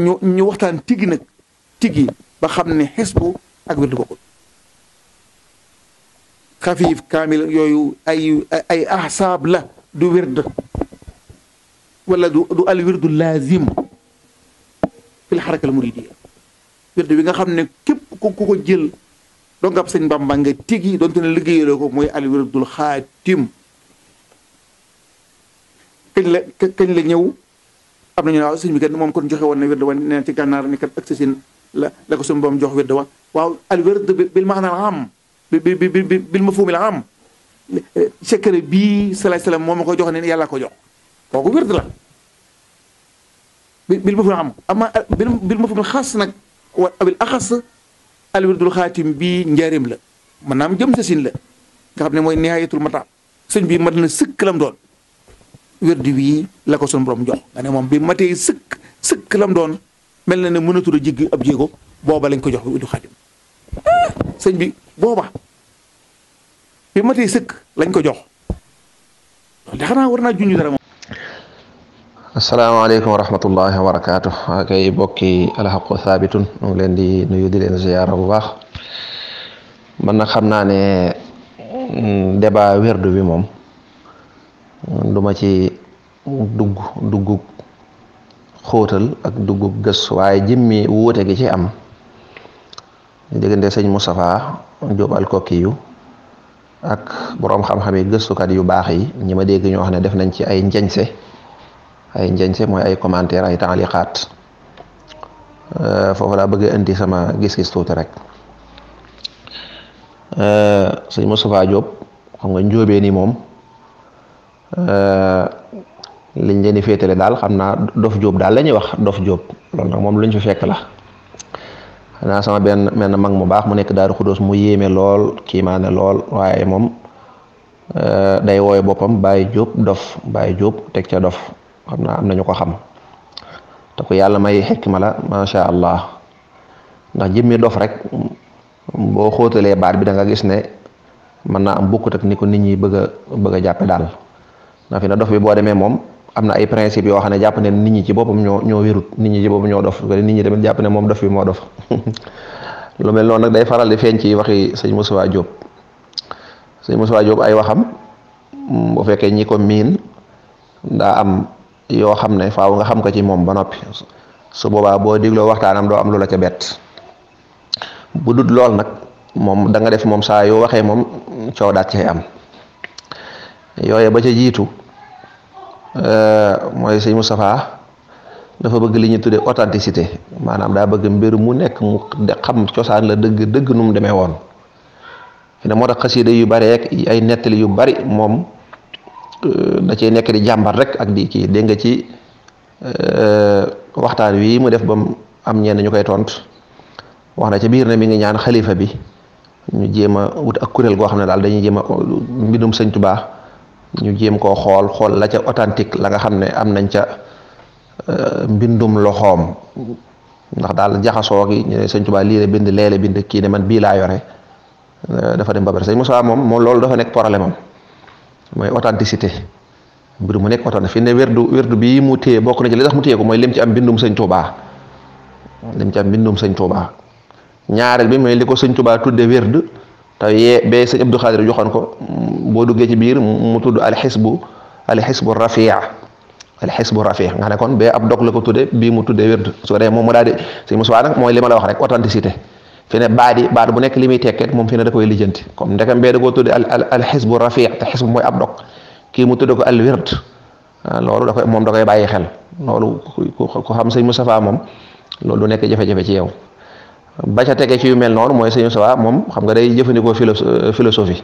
ñu waxtaan tiggi nag tigi ba xam ne xisbu ak ko bokkul xafiif kaamil yooyu ay ay ahsaab la du wird wala du du al wirdu laazim fil xaraka al muridiya wird bi nga xam ne képp ku ko jël donc ab sëñ Bàmba nga tigi donte ne liggéeyaloo ko mooy al wirdul xaatim kañ la kañ la ñëw am nañu waaw sëñ bi kat moom kon joxe woon na wérd wa neen ci gànnaar ni kat ak si sin la la ko suñu boom jox wérd wa waaw al wérd bil maanal am bi bi bi bil mafhumil am secret bii salaay salaam moom ma ko jox ne yàlla ko jox kooku wérd la bil mafhumil am ama bil mafhumil xaas nag wa abil axas al wirdul xaatim bii njaarim la maanaam jëm sa sin la nga xam ne mooy nihayatul mata sëñ bi mat na sëkk lam doon wérdi wii la ko sunu borom jox nga ne moom bi matee sëkk sëkk lam doon mel na ne mënatul a jigg ab jéego booba lañ ko jox bi uddu xaadim sëñ bi booba bi matee sëkk lañ ko jox loolu xanaa war naa junj dara moom. asalaamaaleykum wa rahmatullahi wa barakaatu kay bokki alxaqu saabitun mu leen di nuyu di leen ziyaara bu baax man nag xam naa ne mm, débat wérdu bi moom. duma ci dugg duggug xóotal ak duggug gës waaye jëmmi wuute gi ci am diggante sëñ Moustapha Jóob Alkoki yu ak boroom xam-xam yi gëstukat yu baax yi ñi ma dégg ñu xam ne def nañ ci ay njañse ay njañse mooy ay commentaire ay taaliqaat euh, foofu laa bëgg indi sama gis-gis tuuti rek euh, sëñ Moustapha Jóob xam nga njóobee ni moom Euh, liñ leen di féetale daal xam naa dof jóob daal la ñuy wax dof jóob loolu nag moom lu ñu fi fekk la xanaa sama benn benn mag mu baax mu nekk daaru xudóos mu yéeme lool kiimaane lool waaye moom euh, day wooye boppam bàyyi jóob dof bàyyi jóob teg ca dof xam naa am nañu ko xam te ku yàlla may ma la macha allah ndax jëmmi dof rek boo xóotalee baar bi danga gis ne mën naa am bokkut ak ni ko nit ñi bëgg a bëgg a jàppe daal na fi na dof bi boo demee moom am na ay principe yoo xam ne jàpp ne nit ñi ci boppam ñoo ñoo wérut nit ñi ci boppam ñoo dof ko nit ñi tamit jàpp ne moom lu mel noon nag day faral di feeñ ci waxi sëñ Moussa Diop sëñ Moussa Diop ay waxam mm, boo fekkee ñi ko miin ndaa am yoo xam ne faaw nga xam ko ci moom ba noppi su boobaa boo dégloo am doo am lu la ca bett bu dut lool nag moom da nga def moom saa yoo waxee moom coow daat cay am yooye ba ca jiitu eh, mooy sëñ Moustapha dafa bëgg li ñuy tuddee authenticité maanaam daa bëgg mbir mu nekk mu xam cosaan la dëgg dëgg nu mu demee woon ne moo tax xasida yu bari ak ay nettali yu bari moom eh, da cee nekk di jàmbar rek ak di kii dégg nga ci eh, waxtaan wi mu def ba mu am ñeen ñu koy tontu wax na ca biir na mi ngi ñaan xalifa bi ñu jéem a wut ak kuréel goo xam ne daal dañuy jéem a mbindum sëñ Tuubaa ñu jéem koo xool xool la ca authentique la nga xam ne am nañ ca euh, mbindum loxoom ndax daal jaxasoo ki ñu ne sëñ Tuubaa lii la bind lee bind kii ne man bii laa yore euh, dafa dem ba sañ sëñ Moussa moom moom loolu dafa nekk problème mooy authenticité mbir mu nekk authentique fi ne werdu werdu bii mu téye bokk na ci li tax mu téye ko mooy lim ci am mbindum sëñ Tuubaa lim ci am mbindum sëñ ñaareel bi mooy li ko sëñ Tuubaa tudde werd te yee bee sëñ Abdou Khadir joxoon ko mm, boo duggee ci biir mu tudd alxisbu alxisbu rafia alxisbu rafia nga ne kon bee ab dog la ko tudde bii mu tuddee wérd su ko dee moom mu daal di sëñ Moussa mooy li la wax rek authenticité fi ne baat yi bu nekk li muy tekket moom fi ne da koy lijjanti comme ndekam bee da koo tudde al alxisbu rafia te xisbu mooy ab dog kii mu tudde ko al ah, loolu da moom da koy bàyyi xel loolu ku xam sëñ Moustapha moom loolu du nekk jafe-jafe ci yow ba tege ci yu mel noonu mooy sëñ Sawa moom xam nga day jëfandikoo philo euh, philosophie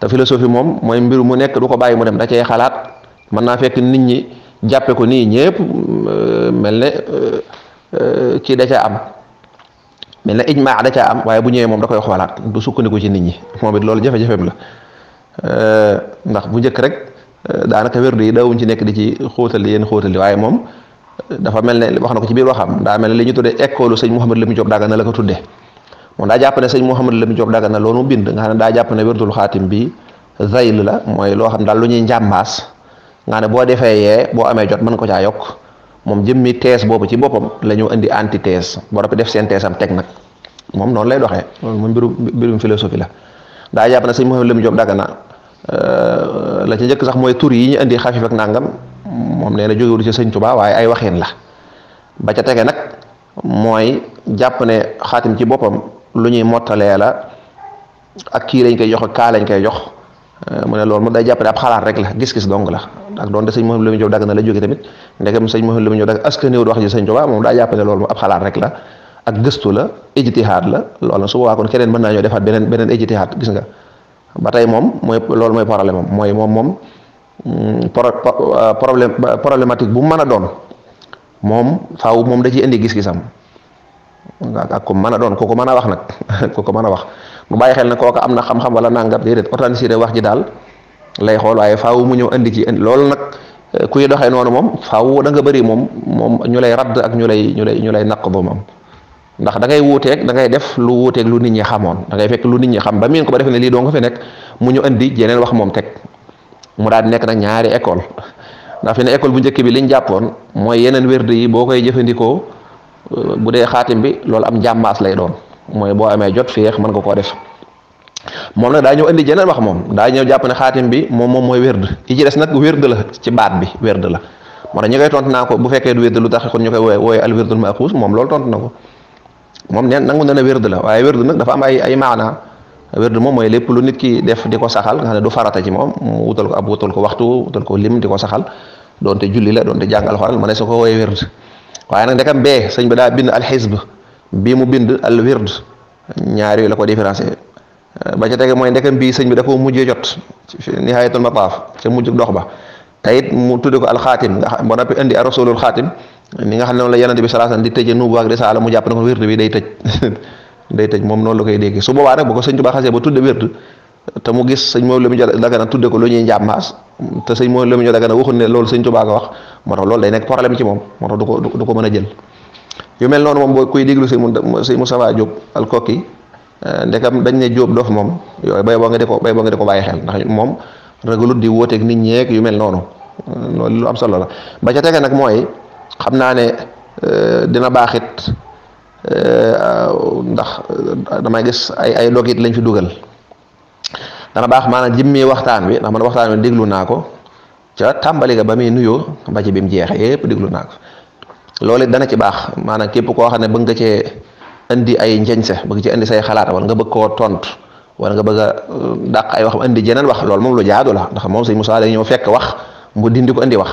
te philosophie moom mooy mbir mu nekk du ko bàyyi mu dem da cee xalaat mën naa fekk nit ñi jàppe ko nii ñëpp euh, mel ne euh, kii da caa am mel ne ijmaa da caa am waaye bu ñëwee moom da koy xoolaat du sukkandiku ci nit ñi moom it loolu jafe-jafeem la ndax bu njëkk rek daanaka wérdu yi daawuñ ci nekk di ci xóotal yenn xóotal yi waaye moom. dafa mel ne wax na ko ci biir waxam daa mel ne li ñu tuddee école sëñ Mouhamed Lamine Diop Dagana la ko tuddee moom daa jàpp ne sëñ Mouhamed Lamine Diop Dagana loolu mu bind nga xam ne daa jàpp ne wérdul xaatim bi zayl la mooy loo xam daal lu ñuy njàmbaas nga ne boo defee yee boo amee jot man ko caa yokk moom jëmmi tees boobu ci boppam la ñu indi antithèse boo def def seen thèse teg nag moom noonu lay doxee loolu moom mbirum mbirum philosophie la daa jàpp ne sëñ mu Lamine Diop Dagana euh, la ci njëkk sax mooy tur yi ñu indi xafif ak nangam moom nee na jógewul ci sëñ Tuubaa waaye ay waxin la ba ca tege nag mooy jàpp ne xaatim ci boppam lu ñuy mottalee la ak kii lañ koy jox ak kaa lañ koy jox euh, mu ne lool mu jàpp ne ab rek la gis-gis dong la ak doonte sëñ Mouhamed Lamine Diop dagg na la jóge tamit ndegam sëñ Mouhamed Lamine Diop dagg askan wi wax ji sëñ moom daa jàpp ne loolu ab xalaat rek la ak gëstu la ijtihaad la loolu nag su boobaa kon keneen mën naa ñoo defaat beneen beneen ijtihaad gis nga ba tey moom mooy loolu mooy problème moom mooy moom moom Hmm, euh, problème problématique bu mu mën a doon moom faaw moom da ciy indi gis-gisam ak ko mën a doon kooku mën a wax nag kooku mën a wax mu bàyyi xel ne kooku am na xam-xam wala nangam déedéet authenticité wax ji daal lay xool waaye faaw mu ñëw indi ci loolu nag euh, kuy doxee noonu moom faaw da nga bëri moom moom ñu lay radd ak ñu lay ñu lay ñu lay naq bu moom ndax da ngay wuuteeg da ngay def lu wuuteeg lu nit ñi xamoon da ngay fekk lu nit ñi xam ba miin ko ba defe ne lii doo nga fi nekk mu ñu indi jeneen wax moom teg mu daal di nekk nag ñaari école ndax fi ne école bu njëkk bi liñ jàppoon mooy yeneen wérde yi boo koy jëfandikoo euh, bu dee xaatim bi loolu am njàmbaas lay doon mooy boo amee jot féex mën nga koo def moom nag daa ñëw indi jeneen wax moom daa ñëw jàpp ne xaatim bi moom moom mooy wérd yi ci des nag wérd la ci baat bi wérd la moo tax ñu koy tontu naa ko bu fekkee du lu tax kon ñu koy wooye wooye al wérdul maaxuus moom lool tontu na ko moom neen nangu na ne wérd la waaye wérd nag dafa am ay ay maanaa werdu mom moy lepp lu nit ki def di saxal nga do du farata ci mom mu wutal ko abu wutal ko waxtu wutal ko lim di saxal donte julli la donte jangal alxuraan mané soko su ko waye nak waaye nag ndekam bi daa bind hizb bi mu bind al wird ñaar yu la ko différencier ba ca tege moy ndekam bi señ bi da ko mujjé jot nihayatul mataf ci mujj dox ba tayit mu tuddé ko al khatim mo nopi indi ar rasulul khatim ni nga xam ne la yanabi sallallahu alaihi wasallam di nubu ak risala mu japp na ko wird bi day tej day tëj moom noonu la koy déggee su boobaa nag bu ko sëñ Tuubaa xasee ba tudde wérdu te mu gis sëñ moom la mu dagana tudde ko lu ñuy njàmmaas te sëñ moom la dagana loolu sëñ Tuubaa ko wax moo tax loolu day nekk problème ci moom moo ko du ko mën a jël yu mel noonu moom boo kuy déglu sëñ sëñ eh, dañ ne Diop dof moom yooyu bay boo nga di ko bay boo nga di ko bàyyi xel ndax moom ragalut di wóoteeg nit ñeeg yu mel noonu loolu lu am solo la ba ca tege nag mooy xam naa ne eh, dina baaxit Euh, euh, ndax euh, damay gis ay ay logit lañ fi dugal dana baax maa maanaam jëmmee waxtaan wi ndax man waxtaan wi déglu naa ko ca tàmbali ka ba muy nuyoo ba ci bi mu jeexee yépp déglu naa ko loolu it dana ci baax maanaam képp koo xam ne bëgg nga cee indi ay njeñse bëgg ci indi say xalaat wala nga bëgg koo tontu wala nga bëgg a dàq ay wax indi jeneen wax loolu moom lu jaadu la ndax moom sëñ Moussa day ñëw fekk wax mu dindi ko indi wax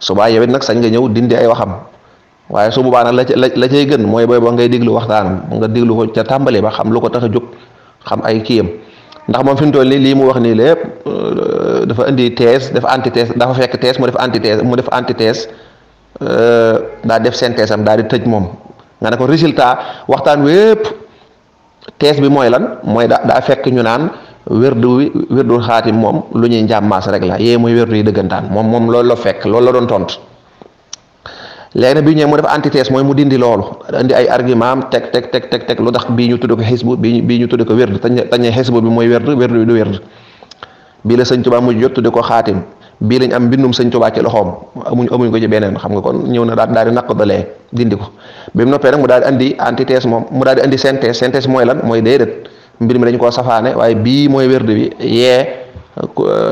subaa yow it nag sañ nga ñëw dindi ay waxam. waaye su baa nag la la la cay gën mooy booy ba ngay diglu waxtaan nga déglu ko ca tàmbali ba xam lu ko tax a jóg xam ay kiyam ndax moom fi mu toll nii lii mu wax nii lépp euh, dafa indi thèse def antithèse dafa fekk thèse mu def antithèse mu def antithèse euh, daa def synthèse daal di tëj moom nga ne ko résultat waxtaan wépp thèse bi mooy lan mooy da daa ñu naan wérdu wi wérdul xaatim moom lu ñuy njàmmaas rek la yée mooy wérdu yi dëggantaan moom loolu la fekk loolu la doon tontu. léegi nag bi ñëwee mu def antithèse mooy mu dindi loolu indi ay argument am teg teg teg teg teg lu tax bii ñu tudd ko xisbu bii bii ñu tudd ko werd tañ ne xisbu bi mooy werd werd bi du werd bii la sëñ Tuubaa mujj jot tudd ko xaatim bii lañ am mbindum sëñ Tuubaa ci loxoom amuñ amuñ ko ci beneen xam nga kon ñëw na daal daal di naqdalee dindi ko bi mu noppee nag mu daal di andi antithèse moom mu daal di andi synthèse synthèse mooy lan mooy déedéet mbir mi dañ koo safaane waaye bii mooy werd bi yee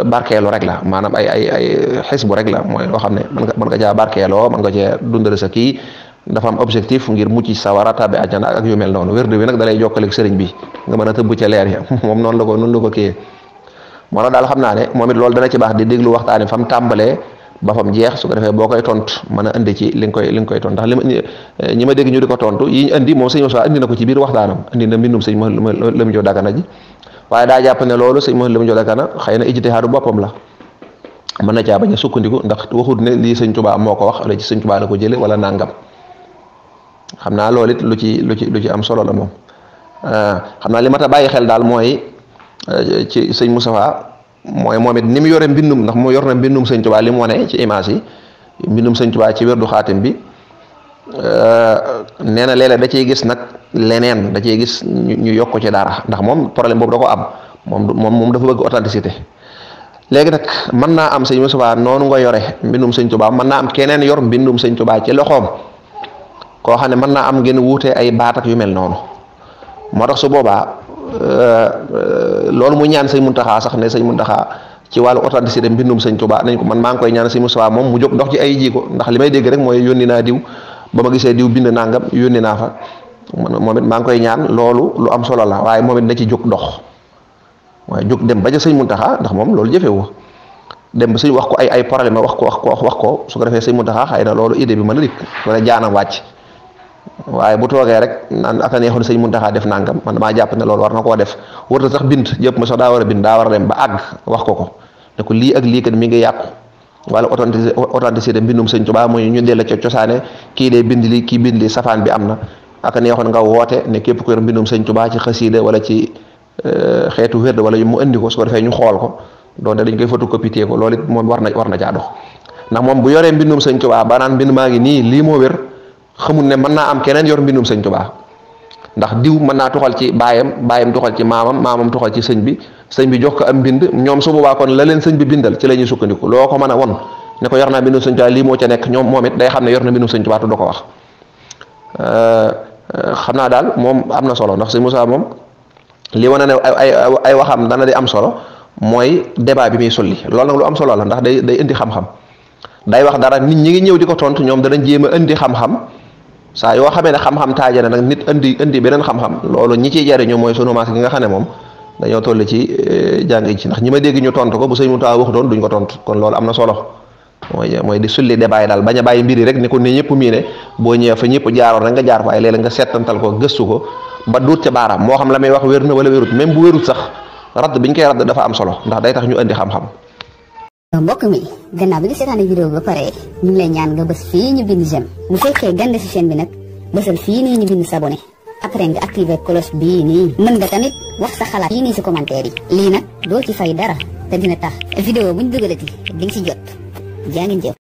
barkeelu rek la maanaam ay ay ay xis bu rek la mooy loo xam ne mën nga mën nga caa barkeeloo mën nga cee dundal sa kii dafa am objectif ngir mucc sawara tàbbi àjjana ak yu mel noonu wérdu bi nag dalay jokkaleeg sëriñ bi nga mën a tëbb ca leer ya moom noonu la ko noonu la ko kiyee moo tax daal xam naa ne moom it loolu dana ci baax di déglu waxtaani fam tàmbalee ba fam jeex su ko defee boo koy tontu mën a indi ci li koy li nga koy tontu ndax li ma ñi ma dégg ñu di ko tontu yi indi moom sëñ Moussa indi na ko ci biir waxtaanam indi na mbindum sëñ Lamine Diop Dagana ji waaye daa jàpp ne loolu sëñ mu Lamine a Dagana xëy na ijtihaadu boppam la mën na caa bañ a sukkandiku ndax waxut ne lii sëñ Tuubaa moo ko wax wala ci sëñ Tuubaa la ko jële wala nangam xam naa loolu it lu ci lu ci lu ci am solo la moom euh, xam naa li mat a bàyyi xel daal mooy euh, ci mu Moustapha mooy moom it ni mu yore mbindum ndax mu yor na mbindum sëñ Tuubaa li mu wane ci image yi mbindum sëñ Tuubaa ci wérdu xaatim bi Euh, nee na léeg da ciy gis nag leneen da cee gis ñu yokku ci dara ndax moom problème boobu da ko am moom moom moom dafa bëgg authenticité léegi nag mën naa am sëñ Moussa noonu nga yore mbindum sëñ Touba mën naa am keneen yor mbindum sëñ Touba ci loxoom koo xam ne mën naa am ngeen wuute ay baat ak yu mel noonu moo tax su boobaa euh, euh, loolu mu ñaan sëñ Mountakha sax ne sëñ Mountakha ci wàllu authenticité mbindum sëñ Touba nañ ko man maa ngi koy ñaan sëñ Moussa moom mu jóg ndox ci ay jiiko ndax li may dégg rek mooy yónni naa diw. ba ma gisee diw bind nangam yónnee naa fa moom it maa ngi koy ñaan loolu lu am solo la waaye moom it na ci jóg dox waaye jóg dem ba ca sëñ Muntaxa ndax moom loolu jëfewu dem ba wax ko ay ay problème wax ko wax ko wax ko su ko defee sëñ Muntaxa xëy na loolu idée bi man a dikk wala jaanam wàcc waaye bu toogee rek naan aka neexoon mun Muntaxa def nangam man maa jàpp ne loolu war na koo def warta sax bind jëpp ma sax daa war a bind daa war a dem ba àgg wax ko ko ne ko lii ak lii kat mi ngi yàqu wala authenticité mbindum sëñ Tuubaa mooy ñu della ca cosaane kii dee bind li kii bind li safaan bi am na ak neexoon nga woote ne képp ku yor mbindum sëñ Tuubaa ci xasiida wala ci euh, xeetu wérd wala yu mu indi ko soo ko defee ñu xool ko donte dañ koy photocopier ko loolu moom war na war na caa dox ndax moom bu yoree mbindum sëñ Tuubaa ba naan mbind maa ngi nii lii moo wér xamul ne mën naa am keneen yor mbindum sëñ Tuubaa ndax diw mën naa toxal ci baayam baayam toxal ci maamam maamam toxal ci sëñ bi sëñ bi jox ko am bind ñoom su boobaa kon la leen sëñ bi bindal ci la ñuy sukkandiku loo ko mën a won ne ko yor naa bindu sëñ Tuubaa lii moo ca nekk ñoom moom it day xam ne yor na bindu sëñ Tuubaa du ko wax euh, euh, xam naa daal moom am na solo ndax sëñ Moussa moom li wane ne ay ay waxam dana di am solo mooy débat bi muy solli loolu nag lu am solo la ndax day day indi xam-xam day wax dara nit ñi ngi ñëw di ko tontu ñoom danañ jéem a indi xam-xam saa yoo xamee ne xam-xam taaje na nag nit indi indi beneen xam-xam loolu ñi ciy jariñu mooy sunu maas gi nga xam ne moom dañoo toll ci eh, jàng ci ndax ñi ma dégg ñu tontu ko bu sëñ mu taa wax doon duñ ko tont kon loolu am na solo mooy mooy di sulli débat yi daal bañ a bàyyi mbiri rek ni ko ne ñëpp mii ne boo ñëwee fa ñëpp jaaroon rek nga jaar fa ay léeg nga seetantal ko gëstu ko ba duut ca baaraam moo xam la may wax wér na wala wérut même bu wérut sax radd biñ koy radd dafa am solo ndax day tax ñu indi xam mbokk mi gannaaw bi nga seetaane vidéo bi ba pare ñu ngi lay ñaan nga bës fii ñu bind j'aime bu fekkee gande ci chaîne nag bësal fii nii ñu bind s'abonner après nga activer cloche bii nii mën nga tamit wax sa xalaat fii nii ci commentaire yi lii nag doo ci fay dara te dina tax vidéo buñ dugalati di nga ci jot jaa ngeen jëf